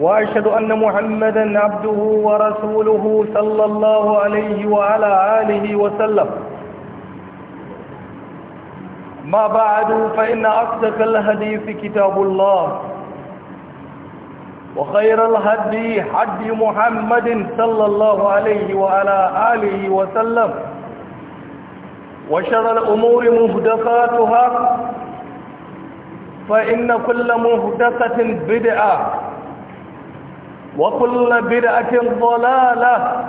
وأشهد أن محمدا عبده ورسوله صلى الله عليه وعلى آله وسلم ما بعد فإن أصدق في كتاب الله وخير الهدي حد محمد صلى الله عليه وعلى آله وسلم وشر الأمور مهدفاتها فإن كل مهدفة بدعة وكل بدعة ضلالة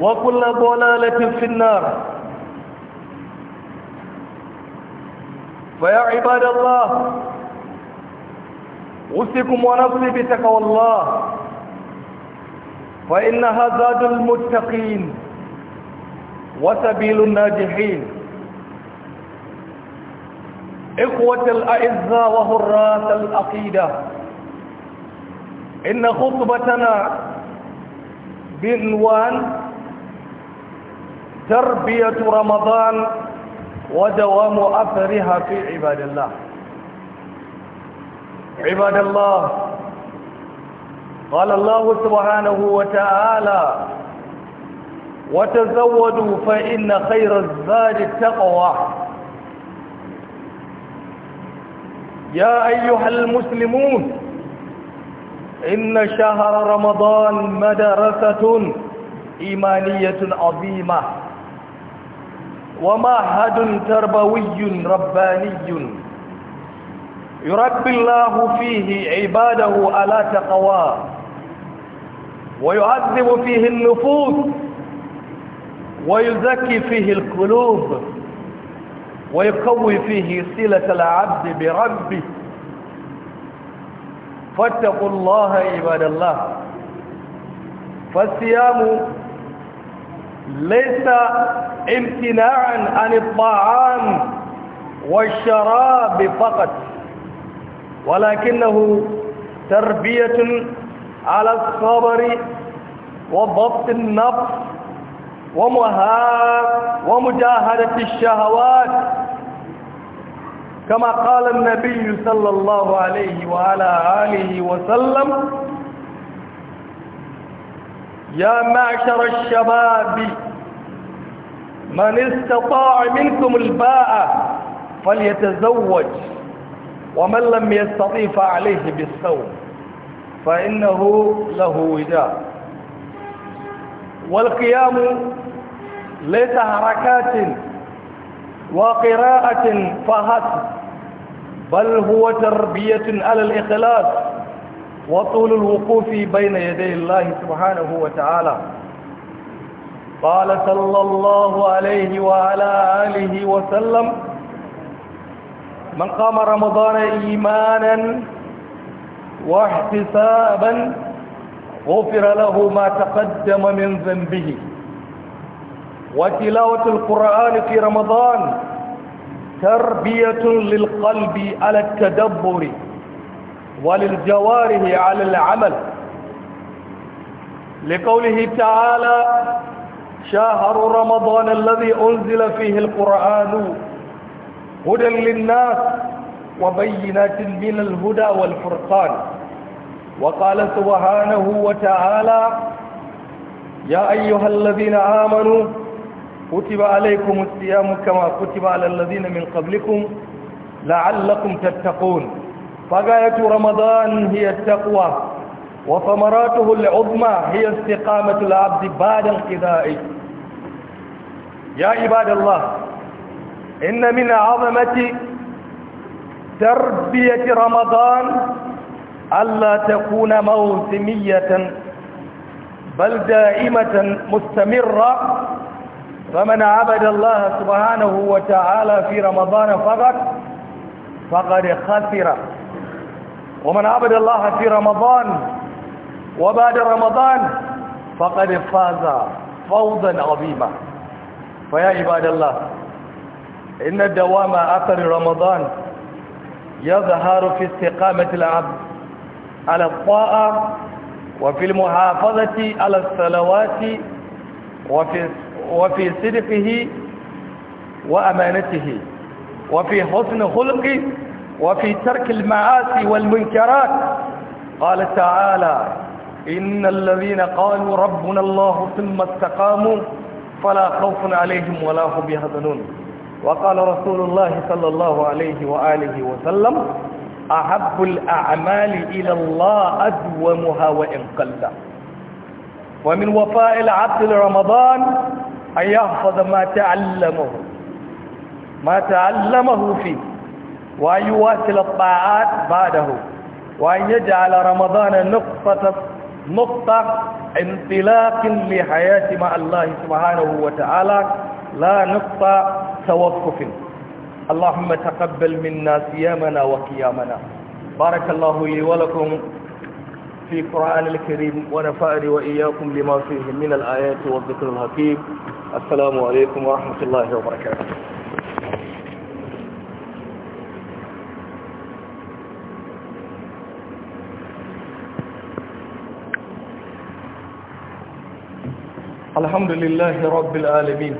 وكل ضلالة في النار فيا عباد الله أوصيكم ونفسي بتقوى الله فإنها زاد المتقين وسبيل الناجحين إخوة الأعزة وهراس العقيده إن خطبتنا بعنوان تربية رمضان ودوام أثرها في عباد الله عباد الله قال الله سبحانه وتعالى وتزودوا فإن خير الزاد التقوى يا أيها المسلمون إن شهر رمضان مدرسة إيمانية عظيمة ومعهد تربوي رباني يربي الله فيه عباده على تقوى ويعذب فيه النفوس ويزكي فيه القلوب ويقوي فيه صلة العبد بربه فاتقوا الله عباد الله فالصيام ليس امتناعا عن الطعام والشراب فقط ولكنه تربية على الصبر وضبط النفس ومجاهدة الشهوات كما قال النبي صلى الله عليه وعلى آله وسلم يا معشر الشباب من استطاع منكم الباء فليتزوج ومن لم يستطيف عليه بالصوم فإنه له وجاء والقيام ليس حركات وقراءة فحسب بل هو تربية على الإخلاص وطول الوقوف بين يدي الله سبحانه وتعالى قال صلى الله عليه وعلى آله وسلم من قام رمضان إيمانا واحتسابا غفر له ما تقدم من ذنبه وتلاوة القرآن في رمضان تربية للقلب على التدبر وللجوارح على العمل لقوله تعالى شهر رمضان الذي أنزل فيه القرآن هدى للناس وبينات من الهدى والفرقان وقال سبحانه وتعالى يا أيها الذين آمنوا كتب عليكم الصيام كما كتب على الذين من قبلكم لعلكم تتقون فغاية رمضان هي التقوى وثمراته العظمى هي استقامة العبد بعد القضاء يا عباد الله إن من عظمة تربية رمضان ألا تكون موسمية بل دائمة مستمرة فمن عبد الله سبحانه وتعالى في رمضان فقط فقد خسر ومن عبد الله في رمضان وبعد رمضان فقد فاز فوزا عظيما فيا عباد الله إن الدوام أثر رمضان يظهر في استقامة العبد على الطاعة وفي المحافظة على الصلوات وفي وفي صدقه وأمانته وفي حسن خلقه وفي ترك المعاصي والمنكرات قال تعالى إن الذين قالوا ربنا الله ثم استقاموا فلا خوف عليهم ولا هم يحزنون وقال رسول الله صلى الله عليه وآله وسلم أحب الأعمال إلى الله أدومها وإن قل ومن وفاء العبد لرمضان أن يحفظ ما تعلمه ما تعلمه فيه وأن يواصل الطاعات بعده وأن يجعل رمضان نقطة نقطة انطلاق لحياة مع الله سبحانه وتعالى لا نقطة توقف اللهم تقبل منا صيامنا وقيامنا بارك الله لي ولكم في القرآن الكريم ونفعني وإياكم لما فيه من الآيات والذكر الحكيم السلام عليكم ورحمة الله وبركاته الحمد لله رب العالمين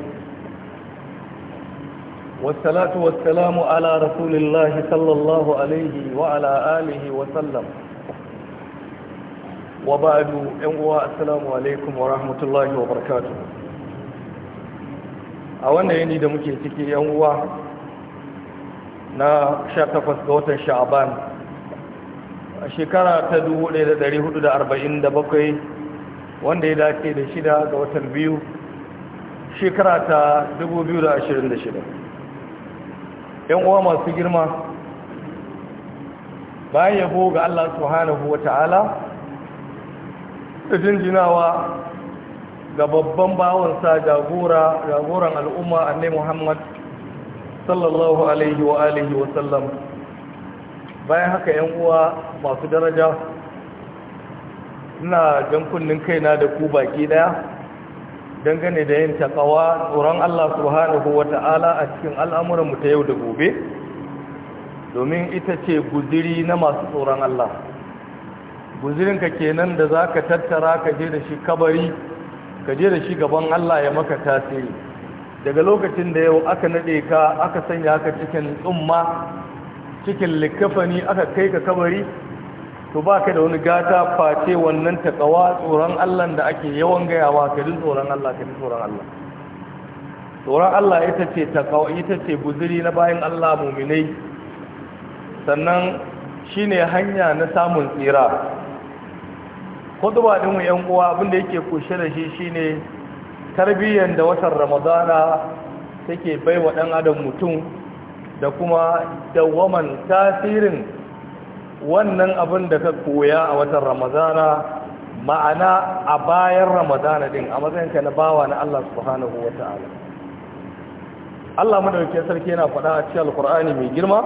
والصلاة والسلام على رسول الله صلى الله عليه وعلى آله وسلم وبعد أنواع السلام عليكم ورحمة الله وبركاته a wannan yini da muke ciki yan uwa na 18 ga watan sha'aban a shekara ta 1447 wanda ya dace da shida ga watan biyu shekara ta 2026 yan uwa masu girma bayan yabo ga Allah su wa ta'ala da jinjinawa ga babban bawansa jagora jagoran al'umma annai muhammad sallallahu alaihi wa alihi wa sallam bayan haka yan uwa masu daraja ina jan kunnin kaina da ku baki daya dangane da yin takawa tsoron Allah subhanahu wa ta'ala a cikin al'amuranmu ta yau da gobe domin ita ce guziri na masu tsoron Allah guzirinka kenan da za ka tattara ka je da shi kabari ka je da shi gaban Allah ya maka tasiri daga lokacin da yau aka nade ka aka sanya ka cikin tsumma cikin likafani aka kai ka kabari to baka da wani gata face wannan takawa tsoron Allah da ake yawan gayawa ka din tsoron Allah ka din tsoron Allah tsoron Allah ita ce takawa ita ce guzuri na bayan Allah muminai sannan shine hanya na samun tsira huduba din mu yan uwa abinda yake kushe da shi shine tarbiyyar da watan ramadana take baiwa wa dan adam mutum da kuma dawaman tasirin wannan abin da ka koya a watan ramadana ma'ana a bayan ramadana din a matsayinka na bawa na Allah subhanahu wata'ala Allah madaukakin sarki yana faɗa a cikin alkur'ani mai girma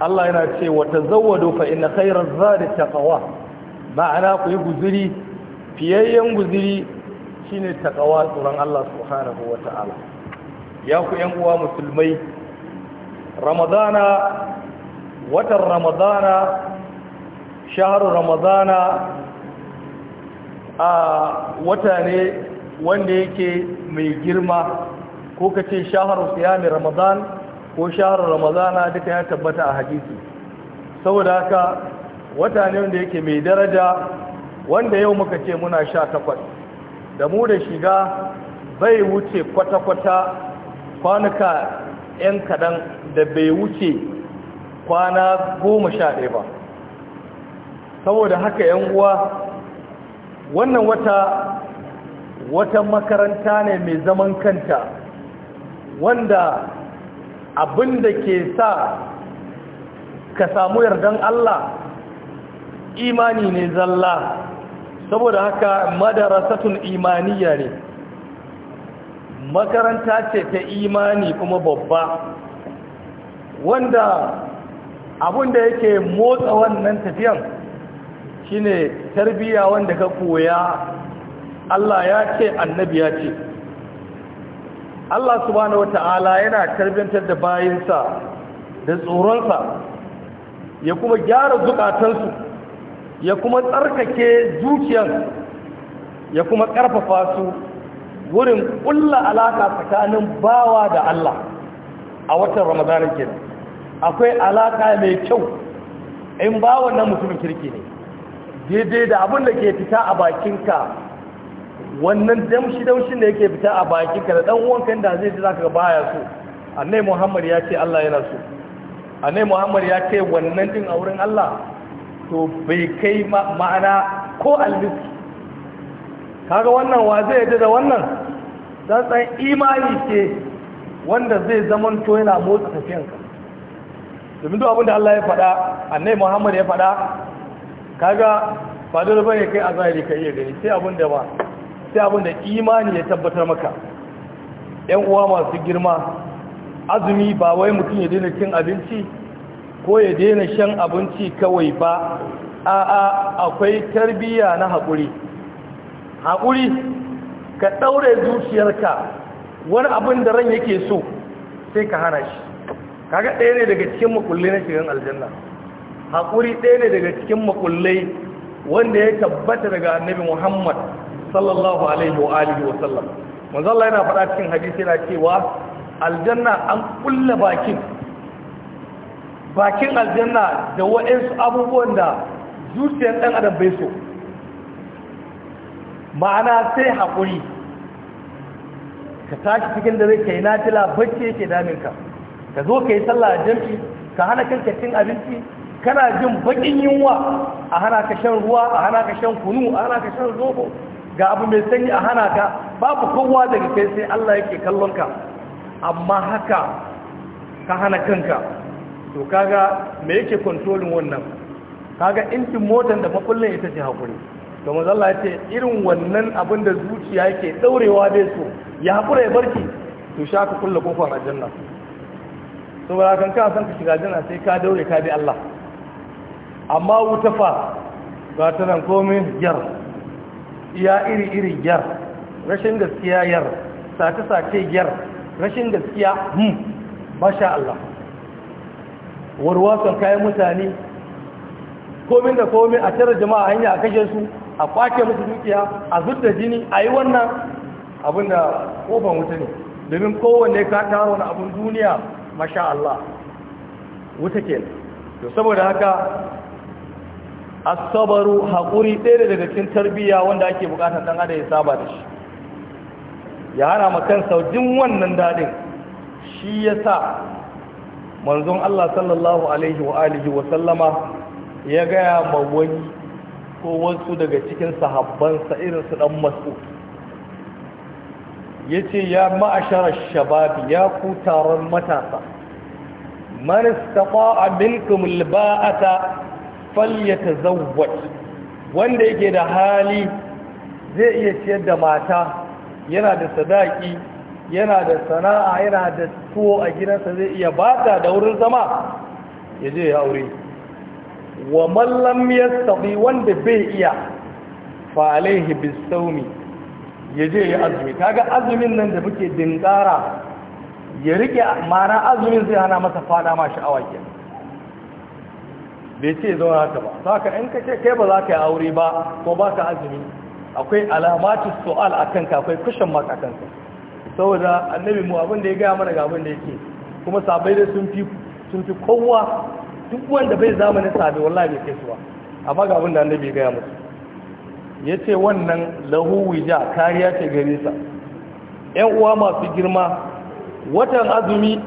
Allah yana cewa wa tazawwadu fa inna khayra zadi taqwa ma'ana ku yi guziri fiyayyen guziri shine takawa tsoron Allah subhanahu wa ta'ala ya ku yan uwa musulmai ramadana watan ramadana shahar ramadana a wata ne wanda yake mai girma ko ka ce shahar siyami ramadan ko shahar ramadana duka ya tabbata a hadisi saboda haka wata ne wanda yake mai daraja wanda yau muka ce muna sha takwas da mu da shiga bai wuce kwata-kwata kwanuka 'yan kaɗan da bai wuce kwana goma sha ɗaya ba saboda haka 'yan uwa wannan wata wata makaranta ne mai zaman kanta wanda abin da ke sa ka samu yardan Allah imani ne zalla saboda haka madarasatul imaniya ne makaranta ce ta imani kuma babba wanda abun da yake motsa wannan tafiyan shine tarbiya wanda ka koya Allah ya ce annabi ya ce Allah subhanahu wata'ala yana tarbiyantar da bayinsa da tsoronsa ya kuma gyara zukatansu ya kuma tsarkake zuciyar ya kuma ƙarfafa su wurin ƙulla alaka tsakanin bawa da Allah a watan ramadanin kenan akwai alaka mai kyau in bawa nan mutumin kirki ne daidai da abin da ke fita a bakinka wannan damshi-damshin da yake fita a bakinka da ɗanuwanka uwanka da zai ji za ka baya so annai muhammad ya ce Allah yana so annai muhammad ya ce wannan din a wurin Allah to bai kai ma'ana ko almiski kaga wannan wa zai yadda da wannan tsantsan imani ce wanda zai to yana motsa ka domin duk abinda Allah ya faɗa annai Muhammad ya faɗa kaga ba dole bane kai a zahiri ka iya gani sai abinda ba sai abinda imani ya tabbatar maka yan uwa masu girma azumi ba wai mutum ya daina cin abinci ko ya daina shan abinci kawai ba a'a akwai tarbiyya na haƙuri haƙuri ka ɗaure zuciyarka wani abin da ran yake so sai ka hana shi kaga ɗaya ne daga cikin makullai na shigan aljanna haƙuri ɗaya ne daga cikin makullai wanda ya tabbata daga annabi muhammad sallallahu alaihi wa alihi wa sallam manzo Allah yana faɗa cikin hadisi yana cewa aljanna an kulla bakin bakin aljanna da waɗansu abubuwan da zuciyar ɗan adam bai so ma'ana sai haƙuri ka tashi cikin da zai kai natila bacci yake daminka ka zo ka yi sallah a jamfi ka hana kanka cin abinci kana jin baƙin yunwa a hana ka shan ruwa a hana ka shan kunu a hana ka shan zobo ga abu mai sanyi a hana ka babu kowa daga kai sai Allah yake kallon ka amma haka ka hana kanka to kaga me yake kontrolin wannan kaga intin motar da makullin ita ce hakuri to manzo Allah irin wannan abin da zuciya yake daurewa da so ya hakura ya barki to sha ka kofar aljanna ba kan ka san ka shiga aljanna sai ka daure ka bi Allah amma wuta fa ga ta nan komai yar ya iri iri yar rashin gaskiya yar sake-sake, yar rashin gaskiya hmm masha Allah warwasar kayan mutane komin da komin a tara jama'a hanya a kashe su a kwake musu dukiya a zudda jini a yi wannan abin da kofan wuta ne domin kowanne ka taro wani abin duniya masha Allah wuta ke to saboda haka asabaru haƙuri ɗaya daga cikin tarbiyya wanda ake bukatar ɗan adam ya saba da shi ya hana ma kansa jin wannan daɗin shi ya sa manzon Allah sallallahu alaihi wa alihi wa sallama ya gaya ma wani ko wasu daga cikin sahabbansa irin su dan Ya yace ya ma'ashara shababi ya ku taron matasa man istata'a minkum alba'ata Zawwat. wanda yake da hali zai iya ciyar da mata yana da sadaki yana da sana'a yana da tuwo a gidansa zai iya bata da wurin zama ya je ya aure wa mallam yastabi wanda bai iya falaihi alaihi bisawmi ya je ya azumi kaga azumin nan da muke dinkara ya rike mana azumin zai hana masa fada ma sha'awa ke bai ce zauna haka ba saka in kace kai ba za ka yi aure ba ko ba ka azumi akwai alamatu su'al akan ka akwai kushin maka kanka saboda annabi mu abin da ya gaya mana ga abin da yake kuma sabai da sun fi sun fi kowa duk wanda bai zamanin sabai wallahi bai kai suwa amma ga abin da annabi ya gaya musu yace wannan lahu wija kariya ce gare sa ƴan uwa masu girma watan azumi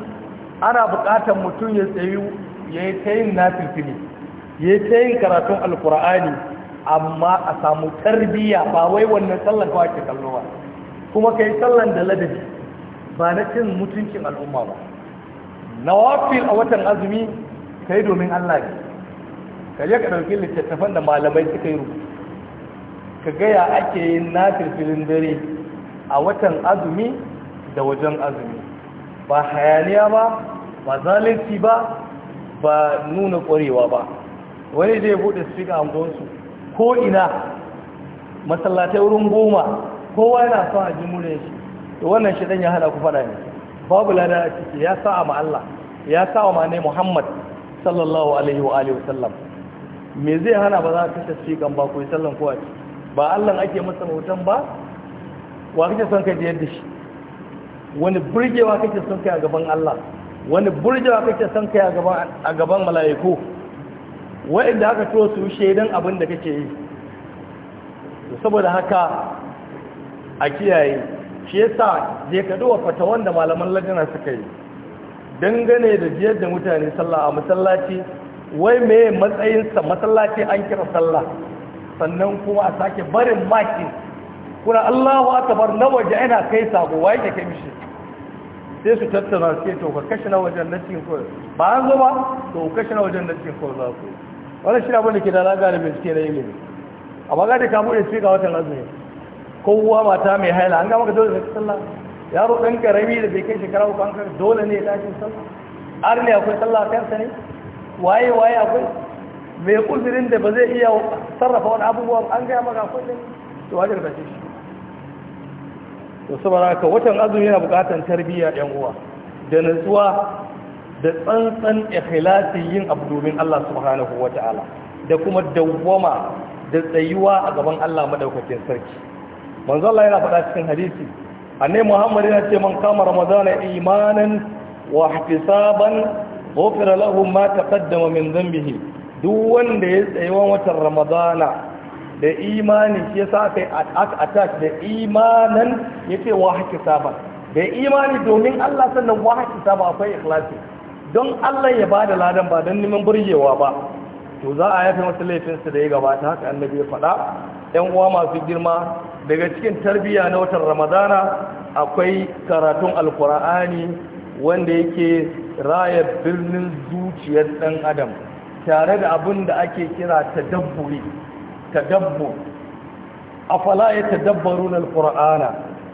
ana buƙatar mutum ya tsayu ya yi ta yin ya yi ta yin karatun alkur'ani amma a samu tarbiyya ba wai wannan sallar kawai ke kallo ba kuma ka yi sallan da ladabi ba na cin mutuncin al'umma ba nawafil a watan azumi ka yi domin Allah ne ka je ka ɗauki littattafan da malamai suka yi ka gaya ake yin nafilfilin dare a watan azumi da wajen azumi ba hayaniya ba ba zalunci ba ba nuna ƙwarewa ba wani zai buɗe su ga ko ina masallatai wurin goma kowa yana son a ji murya shi to wannan shi dan ya hada ku fada ne babu lada a ciki ya sa ma Allah ya sa wa ne Muhammad sallallahu alaihi wa alihi wasallam me zai hana ba za ka tashi kan ba ku sallan ko ba Allah ake masa hoton ba wa kake son ka ji yadda shi wani burgewa kake son kai a gaban Allah wani burgewa kake son kai a gaban mala'iku wa'inda aka turo su shaidan abin da kake yi saboda haka a kiyaye shi yasa je ka duba fata wanda malaman lajina suka yi dangane da jiyar da mutane sallah a masallaci wai mai matsayinsa masallaci an kira sallah sannan kuma a sake barin maki kuna allahu bar na waje yana kai sako wa yake kai mishi sai su tattara sai to ka kashi na wajen na cikin ba an zo ba to kashi na wajen na cikin za ku wani shi abin da ke da lagari bincike na ilimi amma da ka ya ce ga watan azumi kowa mata mai haila an gama ka dole ne sallah yaro ɗan karami da bai kai shekara uku an kar dole ne ya tashi sallah har ne akwai sallah kansa ne waye waye akwai mai uzurin da ba zai iya sarrafa wani abubuwan an gaya maka akwai ne to wajen da shi to saboda haka watan azumi yana buƙatar tarbiyya ɗan uwa da nutsuwa da tsantsan ikhlasi yin abu domin Allah subhanahu wataala da kuma dawwama da tsayuwa a gaban Allah madaukakin sarki manzo Allah yana faɗa cikin hadisi annai Muhammad yana ce man kama ramadana imanan wa ihtisaban ghufira lahu ma taqaddama min dhanbihi duk wanda ya tsaye watan ramadana da imani shi yasa kai attach da imanan yace wa ihtisaban da imani domin Allah sannan wa ihtisaba akwai ikhlasi don Allah ya bada ladan ba don neman burgewa ba to za a yafi masa laifinsa da ya gabata haka annabi ya faɗa ‘yan uwa masu girma daga cikin tarbiyya na watan ramadana akwai karatun alkur'ani wanda yake raya birnin zuciyar ɗan adam tare da abin da ake kira tadabburi A afala ya na alkur'ana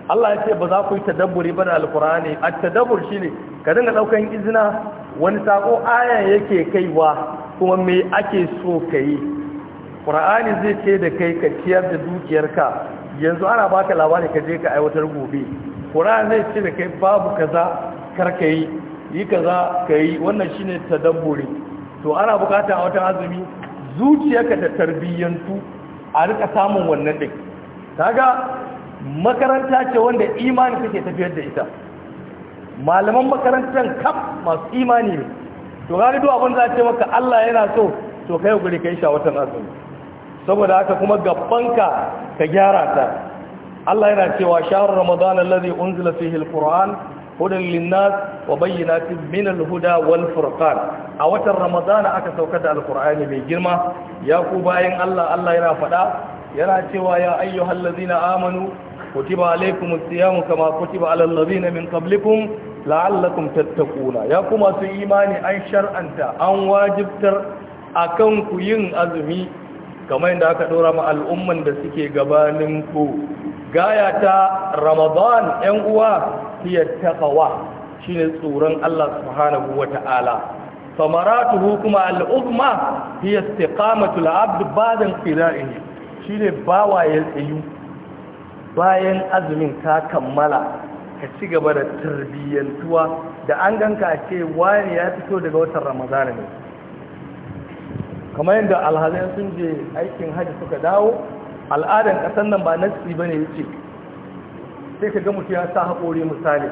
Allah ya ce ba za ku yi tadabburi ba da alkur'ani a tadabbur ne. ka dinga ɗaukan izina wani saƙo aya yake kaiwa kuma me ake so ka yi ƙura'ani zai ce da kai ka ciyar da dukiyarka yanzu ana baka labari ka je ka aiwatar gobe ƙura'ani zai ce da kai babu kaza kar ka yi yi kaza ka yi wannan shi ne ta dambore to ana bukata a wata azumi zuciyarka da tarbiyyantu a rika samun wannan ɗin kaga makaranta ce wanda imani kake tafiyar da ita malaman makarantar kaf masu imani ne to gani duk abin za ce maka Allah yana so to kai guri kai sha watan azumi saboda haka kuma gabbanka ka gyara ta Allah yana cewa shahr ramadan alladhi unzila fihi alquran hudan linnas wa bayyinatin min alhuda wal furqan a watan ramadan aka saukar da alqur'ani mai girma ya ku bayan Allah Allah yana faɗa yana cewa ya ayyuhallazina amanu kutiba alaikum siyamu kama kutiba alal ladina min qablikum la'allakum tattaquna ya kuma su imani an shar'anta an wajibtar akan ku yin azumi kamar yadda aka dora ma al'umman da suke gabanin ku gaya ta ramadan yan uwa hiya taqwa shine tsoron Allah subhanahu wata'ala samaratuhu kuma al'ugma hiya istiqamatu al'abd ba'da qira'ih shine bawa ya tsayu bayan azumin ka kammala ka ci gaba da tarbiyyantuwa da an ganka a ce wani ya fito daga watan ramadana ne kamar yadda alhazai sun je aikin hajji suka dawo al'adar kasan nan ba na nasi ba ne yace sai ka gamu mutum ya sa haƙori misali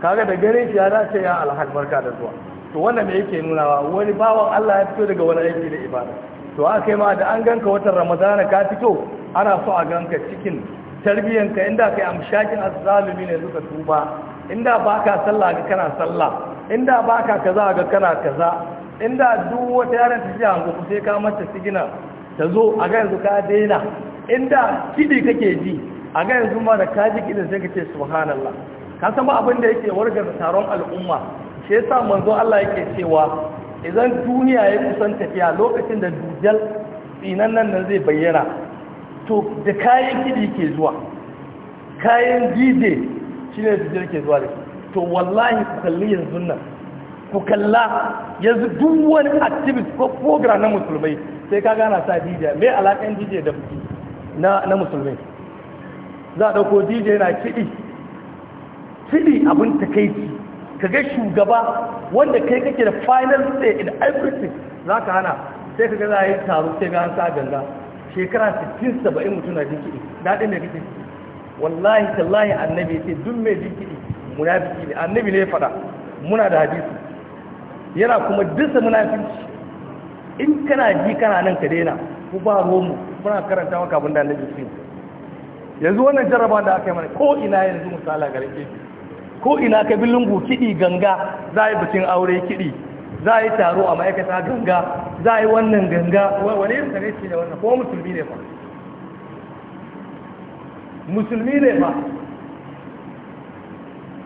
kaga da ganin shi ya dace ya alhaj ka da zuwa to wannan me yake nunawa wani bawan Allah ya fito daga wani aiki da ibada to aka kai ma da an ganka watan ramadana ka fito ana so a ganka cikin tarbiyyanka inda kai amshakin azzalumi ne suka tuba inda baka sallah ga kana sallah inda baka kaza ga kana kaza inda duk wata yaran ta ji hango sai ka mata sigina ta zo a ga yanzu ka daina inda kidi kake ji a ga yanzu ma da ka ji kidin sai ce subhanallah ka san ba abin da yake wargar taron al'umma shi yasa manzo Allah yake cewa idan duniya ya kusan tafiya lokacin da dujal tsinan nan zai bayyana to da kayan kidi ke zuwa kayan dj shi ne da ke zuwa da to wallahi ku kalli yanzu nan ku kalla yanzu duk wani activist ko program na musulmai sai ka gana sa dj mai alaƙan dj da buki na musulmai za a ɗauko dj na kiɗi kiɗi abin ta takaici ka ga shugaba wanda kai kake da final say in everything za ka hana sai ka ga yin a yi taro sai ga an sa ganga shekara 60 70 mutum na jikiɗi daɗin da jikiɗi wallahi tallahi annabi sai duk mai jinkiri munafiki ne annabi ne ya faɗa muna da hadisu yana kuma dusa munafici in kana ji kana nan ka daina ku ba romu muna karanta maka abin da annabi sun yanzu wannan jarraba da aka yi mana ko ina yanzu misala gare ke ko ina ka bi lungu kiɗi ganga za a yi bikin aure kiɗi za a yi taro a ma'aikata ganga za a yi wannan ganga wani yin tare shi da wannan ko musulmi ne ba musulmi ne ba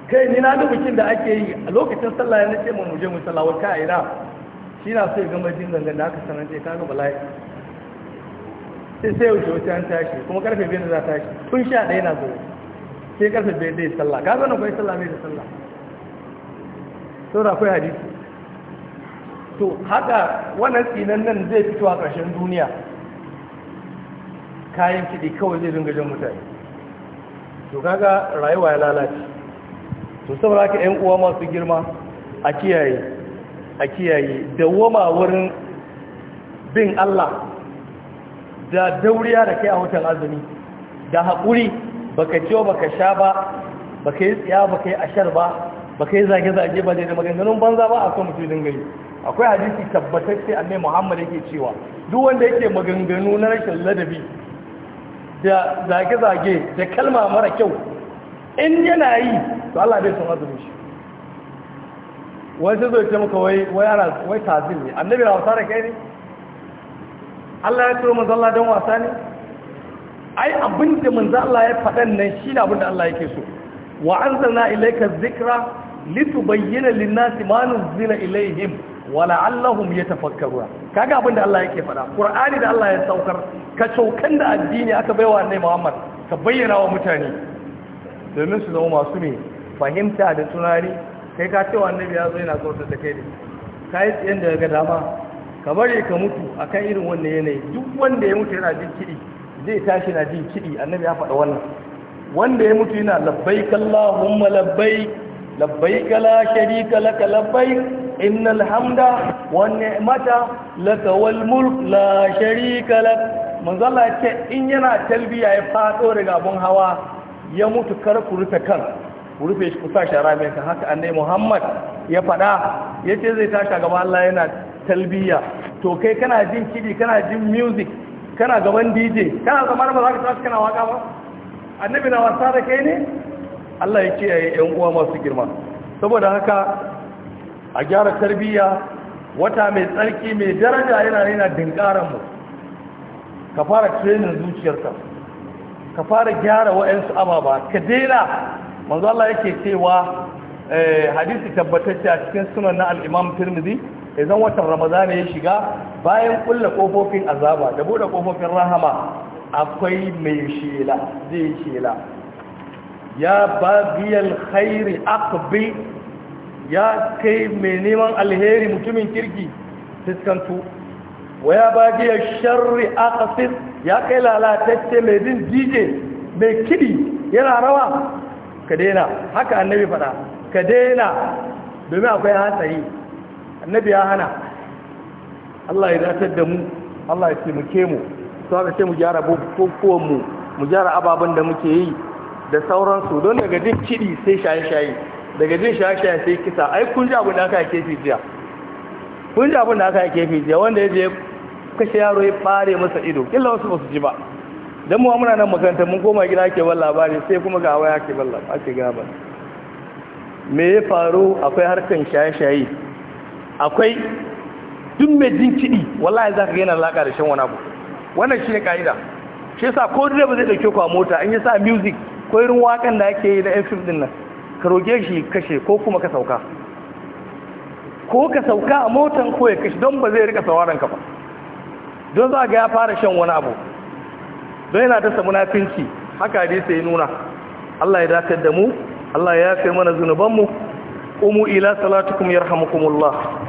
kai ni na ga bikin da ake yi a lokacin sallah na nace mun muje mu sallah wata a ina shi na so ya gama jin gangan da aka sanar ce kaga bala'i sai sai wuce wuce an tashi kuma karfe biyar da za tashi kun sha ɗaya na zo sai karfe biyar da ya sallah kaga na kwai sallah mai da sallah saboda akwai hadisi to haka wannan tsinan nan zai fito a ƙarshen duniya kayan kiɗi kawai zai dinga jan mutane to kaga rayuwa ya lalace to saboda haka ƴan uwa masu girma a kiyaye a kiyaye da wama wurin bin Allah da dauriya da kai a watan azumi da haƙuri baka ciwo baka sha ba baka yi tsiya baka yi ashar ba ba kai zage-zage ba da maganganun banza ba a son mutum dinga yi akwai hadisi tabbatacce annai muhammad yake cewa duk wanda yake maganganu na rashin ladabi da zage-zage da kalma mara kyau in yana yi to Allah bai son azumin shi wani sai zai ce muka wai wai wai tazil ne annabi na wasa da kai ne Allah ya turo manzo Allah don wasa ne ai abin da manzo Allah ya faɗan nan shi ne abin da Allah yake so wa anzalna ilayka dhikra litubayyana linnasi ma nuzila ilaihim wa la'allahum yatafakkaruna kaga abin da Allah yake faɗa Qur'ani da Allah ya saukar ka caukan da addini aka baiwa Annabi Muhammad ka bayyana wa mutane domin su zama masu ne fahimta da tunani kai ka ce Annabi ya zo yana kautar da kai ne kai tsayen da ga dama ka bari ka mutu akan irin wannan yanayi duk wanda ya mutu yana jin kidi zai tashi na jin kidi Annabi ya faɗa wannan wanda ya mutu yana labbaik Allahumma labbaik labbaik la sharika laka labbaik innal hamda wan ni'mata laka wal mulk la sharika lak manzo Allah ya ce in yana talbiya ya fado daga abun hawa ya mutu kar ku rufe kan ku rufe shi ku sa shara mai ka haka annabi Muhammad ya fada yace zai tasha gaba Allah yana talbiya to kai kana jin kidi kana jin music kana gaban DJ kana zama ba za ka tashi kana waka ba annabi na wasa da kai ne Allah ya ce kiyaye yan uwa masu girma saboda haka a gyara tarbiyya wata mai tsarki mai daraja yana yana dinkaran mu ka fara training zuciyarka ka fara gyara wa'ansu ababa ka daina manzo Allah yake cewa eh, hadisi tabbatacce a cikin sunan na al-Imam Tirmidhi idan watan ramadan ya shiga bayan kulla kofofin azaba da bude ƙofofin rahama akwai mai shela zai shela ya babiyal khairi aqbil ya kai mai neman alheri mutumin kirki fiskantu wa ya bagiyar sharri aqsid ya kai lalatacce mai bin dj mai kiɗi yana rawa ka daina haka annabi fada ka daina domin akwai hatsari annabi ya hana Allah ya datar da mu Allah ya taimake mu sau haka sai mu gyara bukukuwan mu mu gyara ababen da muke yi da sauransu don daga jin kiɗi sai shaye-shaye daga jin shaye-shaye sai kisa ai kun ji abin da aka yake fi jiya kun ji abin da aka yake fi jiya wanda ya je kashe yaro ya fare masa ido illa wasu ba su ji ba dan mu muna nan makaranta mun koma gida ake ban labari sai kuma ga waya ake ban labari ake gaba me ya faru akwai harkan shaye-shaye akwai duk mai jin kiɗi wallahi za ka yana alaƙa da shan wani abu wannan shi ne ƙa'ida shi yasa ko direba zai ɗauke ku a mota in ya sa music ko irin wakan da ake yi na fim din nan ka roge shi kashe ko kuma ka sauka ko ka sauka a motan ko ya kashe don ba zai rika sauraron ka ba don za ga ya fara shan wani abu don yana dasa munafinci haka dai ya nuna Allah ya dakar da mu Allah ya yafe mana zunubanmu umu ila salatukum yarhamukumullah